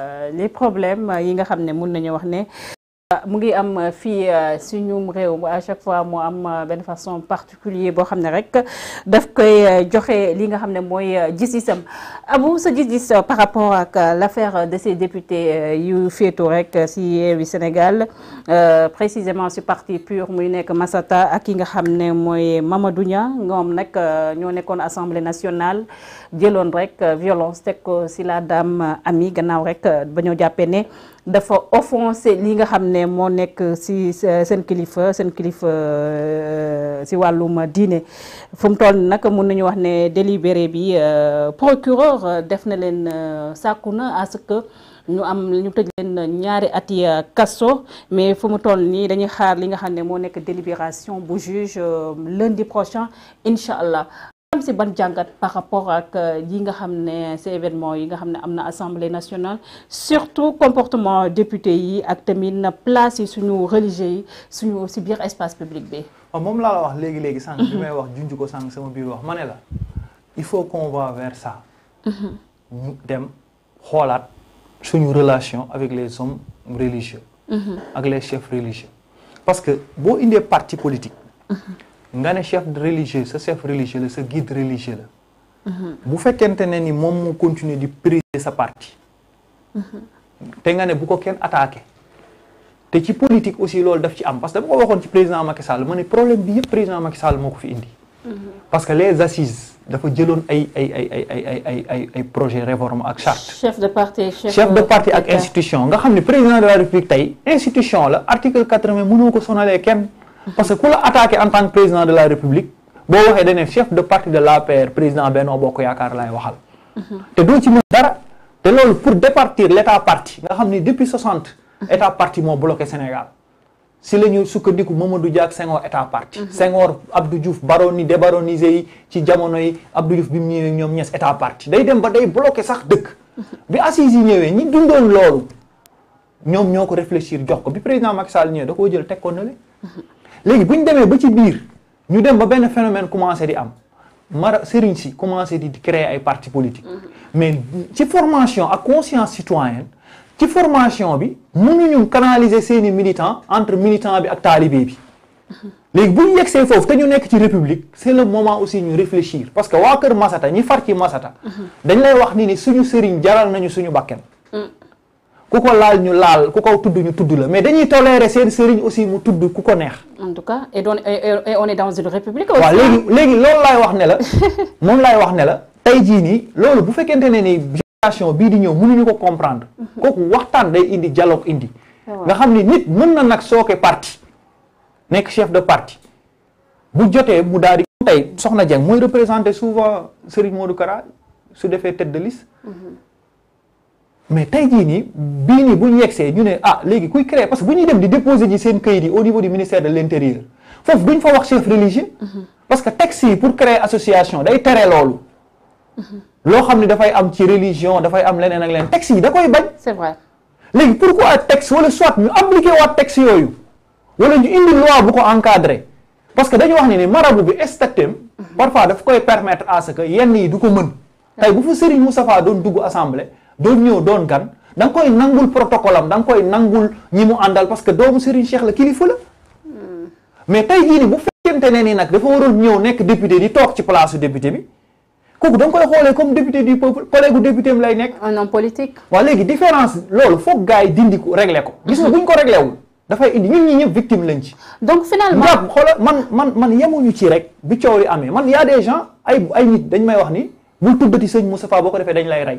Euh, les problèmes euh, yi nga xam ne mun nañu wax ne mu ngi am euh, fii euh, suñu réew à fois mu am euh, benn façon particulier boo xam ne rek daf koy joxe li nga xam ne mooy jisisam abu sa gis par rapport ak l'affaire de ces députés yu féetu rek si Yewwi Sénégal précisément si parti PUR muy nekk Massata ak ki nga xam ne mooy Mamadou Niang ñoom nag ñoo nekkoon assemblée national jëloon rek violence tek ko si la dame Ami gannaaw rek ba ñoo jàppee ne dafa offensé li nga xam ne moo nekk si seen kilifa seen kilifa euh, si wàllum diine fu toll nag mun nañu wax ne délibéré bi euh, procureur def na leen euh, sàkku na à que ñu am ñu tëj leen ñaari ati kaso mais fu mu toll nii dañuy xaar li nga xam ne moo nekk délibération bu juge lundi prochain incha allah am si ban jàngat par rapport ak euh, yi nga xam ne ces événements yi nga xam ne am na assemblée nationale surtout comportement député yi ak tamit place yi suñu religieux yi suñu si biir espace public bi. waaw oh, moom laa la wax léegi léegi sànq. bi mhm. wax junj ko sànq sama biir wax ma ne la il faut qu'on va vers sa mhm. ñu dem xoolaat suñu relation avec les hommes religieux. Mhm. ak les chefs religieux. parce que boo indee parti politique. nga ne chef religieux sa chef religieux la sa guide religieux la. bu fekkente ne ni moom moo continuer di présider sa parti. te nga ne bu ko kenn attaqué. te ci politique aussi loolu daf ci am parce que dama ko waxoon ci président Macky Sall ma ne problème bi yëpp président Macky Sall moo ko fi indi. parce que les assises dafa jëloon ay ay ay ay ay ay ay ay projet réforme ak charte. chef de parti chef de ak institution nga xam ne président de la république tey institution la article quatre-vingt mënoo ko sonalee parce que ku la attaqué en tant que président de la république boo waxee dañ ne chef de parti de l'APR président Benno Bokk Yaakaar laay waxal. Mhm. te doo ci mën dara te loolu pour départir l' état parti nga xam ni depuis 60. Mhm. état parti moo bloqué Sénégal si la ñu sukkandiku Mamadou du ak Senghor état parti. Mhm. Senghor Abdou Diouf baroni débaronisé yi ci jamono yi Abdou Diouf bi mu ñëwee ñoom ñes état parti day dem ba day bloqué sax dëkk. bi assises yi ñëwee ñi dundoon loolu ñoom ñoo ko réfléchir jox ko bi président Macky Sall ñëwee da koo jël teg ko léegi bu ñu demee ba ci biir ñu dem ba benn phénomène commencé di am mara sëriñ si commencé di créer ay parti politique mm-hmm. mais ci formation ak conscience citoyenne ci formation bi mënuñu canaliser seeni militant entre militant bi ak taalibe bi mm-hmm. léegi bu ñu yegsee foofu te ñu nekk ci république c' est moment aussi ñu réfléchir parce que waa kër Masata ñi far ci Masata mm-hmm. dañ lay wax nii ni suñu sëriñ jaral nañu suñu bakken ku ko laal ñu laal ku ko tudd ñu tudd la mais dañuy tolérer seen sëriñ aussi mu tudd ku ko neex. en tout on est dans une république. aussi waaw léegi léegi loolu laay wax ne la moom laay wax ne la tey jii nii loolu bu fekkente ne ni génération bii di ñëw ñu ko comprendre. Mhm. kooku waxtaan day indi dialogue indi. nga xam ne nit mën na nag sooke parti nekk chef de parti bu jotee mu daal di tey soxna Dieng mooy représenter souvent Serigne Modou Kara su defee tête de liste. Mhm. mais tey jii nii bii nii bu ñu yegsee ñu ne ah léegi kuy créer parce que bu ñuy dem di déposer ji seen këyit yi au niveau du ministère de l' intérieur foofu duñ fa wax chef religieux. Mhm. parce que texte yi pour créer association day tere loolu. Mhm. loo xam ne dafay am ci religion dafay am leneen ak leneen texte yi da koy bañ. c' est vrai léegi pourquoi texte wala soit ñu appliqué waat texte yooyu wala ñu indi loi bu ko encadré parce que dañu wax ne ni marabu bi statut mhm. parfois koy permettre à ce que yenn yi du ko mën. tey bu fa Serigne Moustapha doon dugg assemblée. doo ñëw doon gan da nga koy nangul protocole am da nga koy nangul ñi mu àndal parce que doomu Serigne Cheikh la kilifa la hmm. mais tey jii ni bu fekkente ne ni nag dafa waroon ñëw nekk député di toog ci place député bi kooku da koy xoolee comme député du peuple collègue député am lay nekk. un homme politique. waaw léegi différence loolu foog gars yi dindi ko réglé ko. gis nga hmm. bu ñu ko réglé wul dafay indi ñun ñi ñëpp victime lañ ci. donc finalement ndax xoolal man man man yemuñu ci rek bi coow li amee man y a ay nit dañ may wax ni bul tuddati sëñ Moustapha boo ko defee dañ lay rey.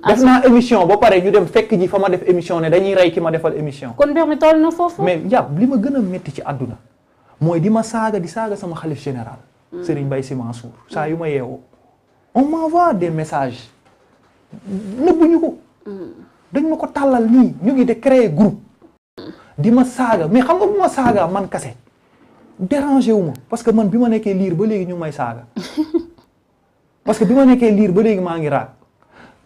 def naa émission ba pare ñu dem fekk ji fa ma def émission ne dañuy rey ki ma defal émission. kon mbir mi toll na foofu. mais yàlla li ma gën a métti ci àdduna mooy di ma saaga di saaga sama xalif général. Hmm. Serigne Mbaye Sy Mansour saa yu ma yeewoo. on m'envoie des messages nëbbuñu ko. Hmm. dañ ma ko tàllal nii ñu ngi de créer groupe. Hmm. di ma saaga mais xam nga bu ma saaga man kase dérangé wu ma parce que man bi ma nekkee liir ba léegi ñu may saaga parce que bi ma nekkee liir ba léegi maa ngi raag.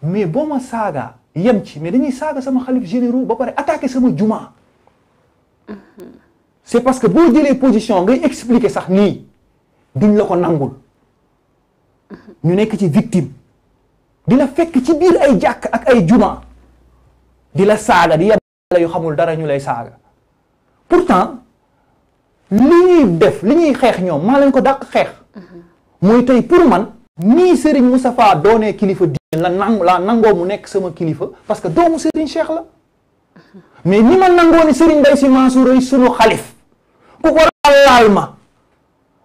mais boo ma saagaa yem ci mais dañuy saaga sama xalif généraux ba pare attaqué sama juma. Mhm. c'est parce que boo jëlee position ngay expliquer sax nii duñ la ko nangul. Mhm. ñu nekk ci victime. di la fekk ci biir ay jàkk ak ay juma. di la saaga di yem yu xamul dara ñu lay saaga. pourtant li ñuy def li ñuy xeex ñoom maa lañ ko dàq xeex. Mhm. mooy tey pour man. nii mu Moustapha doonee kilifa la nangu laa nangoo mu nekk sama kilifa parce que doomu Serigne Cheikh la mais ni ma nangoo ni Serigne Mbaye Sy Mansour ay sunu xalif ku ko laal ma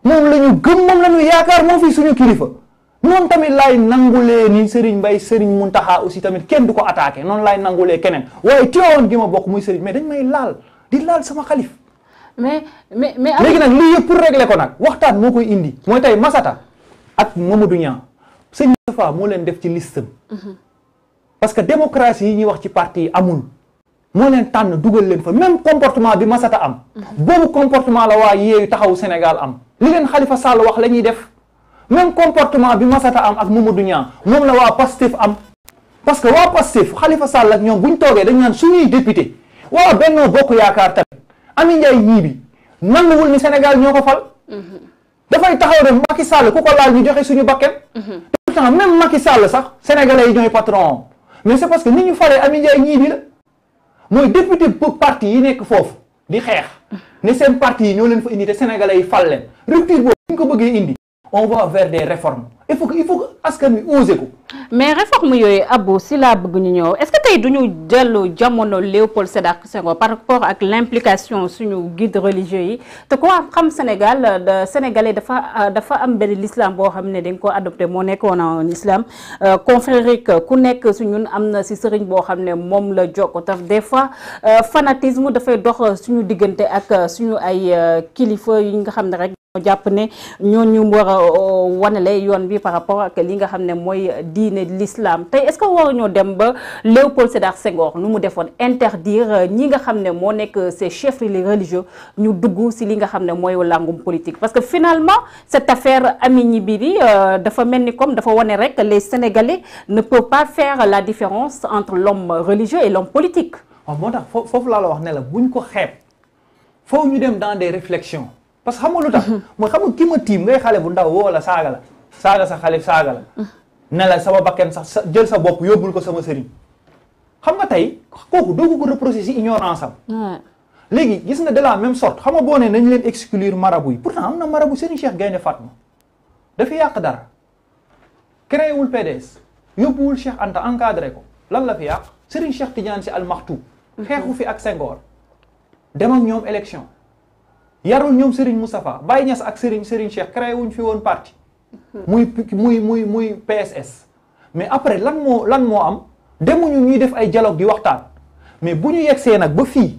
moom lañu ñu gëm la ñu yaakaar moo fi suñu kilifa noonu tamit laay nangulee ni Serigne Mbaye mun Mountakha aussi tamit kenn du ko attaqué noonu laay nangulee keneen waaye teewoon gi ma bokk muy Serigne mais dañ may laal di laal sama xalif. mais mais mais. léegi nag lii yëpp pour régler ko nag waxtaan moo koy indi. mooy tey Masata ak sëñ Moustapha moo leen def ci listam mhm. parce que démocratie yi ñuy wax ci parti amul moo leen tànn dugal leen fa même comportement bi Masata am mhm. boobu comportement la waa yeeyu taxawu Sénégal am li leen Khalifa Sall wax la ñuy def même comportement bi Masata am ak Mamadou Niang moom la waa Pastef am parce que waa Pastef Khalifa Sall ak ñoom bu ñu toogee dañ naan suñuy député waa Benno Bokk Yaakaar tamit Ami Ndiaye ñii bi nanguwul ni Sénégal ñoo ko fal mhm. dafay taxaw rek Macky Sall ku ko laal ñu joxe suñu bakken pourtant même i Sall sax sénégalais yi ñooy patron mais c'est parce que ni ñu faree Amy Ndiaye ñii di la mooy député bu parti yi nekk foofu di xeex ne seen parti yi ñoo leen fa indi te sénégalais yi fal leen rupture boobu ñu ko bëggee indi on va vers des réformes il faut que il faut que askan wi ko. mais réforme yooyu Abou si laa bëgg ñu ñëw est-ce que tey du ñu dellu jamono Léopold Sédar Senghor par ak l'implication suñu guide religieux yi te ko xam Sénégal sénégalais dafa dafa am benn l'islam boo xam ne dañ ko adopté moo nekkoon en islam euh, confrérique ku nekk su ñun am na si sëriñ boo xam ne moom la jokko taf des fois euh, fanatisme dafay dox suñu diggante ak euh, suñu ay kilifa yi nga xam ne rek. jàpp ne ñooñu war a euh, wanale yoon bi par rapport li nga xam ne mooy diine l'islam tey est-ce que waruñoo dem ba Léopold Sédar Senghor nu mu defoon interdire euh, ñi nga xam ne moo nekk ces chefs religieux ñu dugg si li nga xam ne mooy làngum politique parce que finalement cette affaire Ami Ñibiri euh, dafa mel ni comme dafa wane rek les Sénégalais ne peuvent pas faire la différence entre l'homme religieux et l'homme politique oh, moo tax foofu laa wax ne la buñ ko xeeb foofu ñu dem dans des réflexions parce que xam nga lu tax mooy xam nga ki ma tiim ngay xale bu ndaw woo la saaga la saaga sa xalif saaga la ne la sama bakken sax sa jël sa bopp yóbbul ko sama sëriñ xam nga tey kooku doo ko reproché si ignorance am léegi gis nga de la même sorte xam nga boo ne nañ leen exclure marabu yi pourtant am na marabu sëriñ Cheikh Gaynde Fatma dafa yàq dara créé wul PDS yóbbuwul Cheikh Anta encadré ko lan la fi yàq sëriñ Cheikh Tidiane si al Maktoum mm-hmm. xeexu ak Senghor dem ak ñoom élection yarul ñoom Serigne Moustapha Baye Niass ak Serigne Serigne Cheikh créé wuñ fi woon parti muy muy muy muy PSS. mais après lan moo lan moo am demuñu ñuy def ay dialogue di waxtaan mais bu ñu yegsee nag ba fii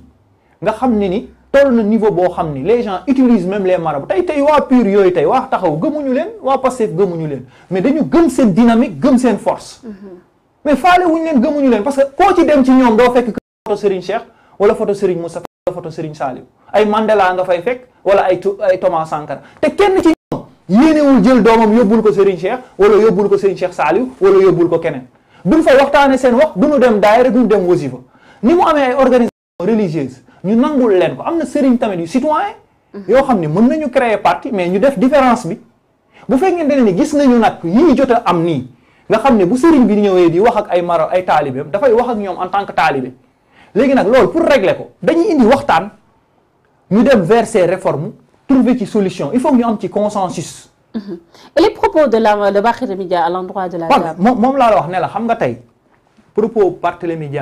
nga xam ni ni toll na niveau boo xam ni les gens utilisent même les marabouts tey tey waa PUR yooyu tey waa taxaw gëmuñu leen waa Pastef gëmuñu leen mais dañu gëm seen dynamique gëm seen force. mais faale wuñ leen gëmuñu leen parce que koo ci dem ci ñoom doo fekk photo Serigne Cheikh wala photo Serigne Moustapha wala photo Serigne Saliou. ay Mandela nga fay fekk wala ay ay Thomas Sankara te kenn ci ñoom yéenewul jël doomam yóbbul ko Serigne Cheikh wala yóbbul ko Serigne Cheikh Saliou wala yóbbul ko keneen duñ fa waxtaane seen wax du duñu dem daayira duñu dem wasifa ni mu amee ay organisation religieuse ñu nangul leen ko am na Serigne tamit yu citoyen yoo xam ne mën nañu créer parti mais ñu def différence bi bu fekkente ne gis nañu nag yii jot a am nii nga xam ne bu sëriñ bi ñëwee di wax ak ay maro ay taalibeem dafay wax ñoom en tant que taalibe léegi nag loolu pour régler ko dañuy waxtaan ñu dem vers ces réformes trouver ci solution il faut ñu am ci consensus. et les propos de la de Barthélémy à l'endroit de la. moom moom laa la wax ne la xam nga tey propos Barthélémy Dia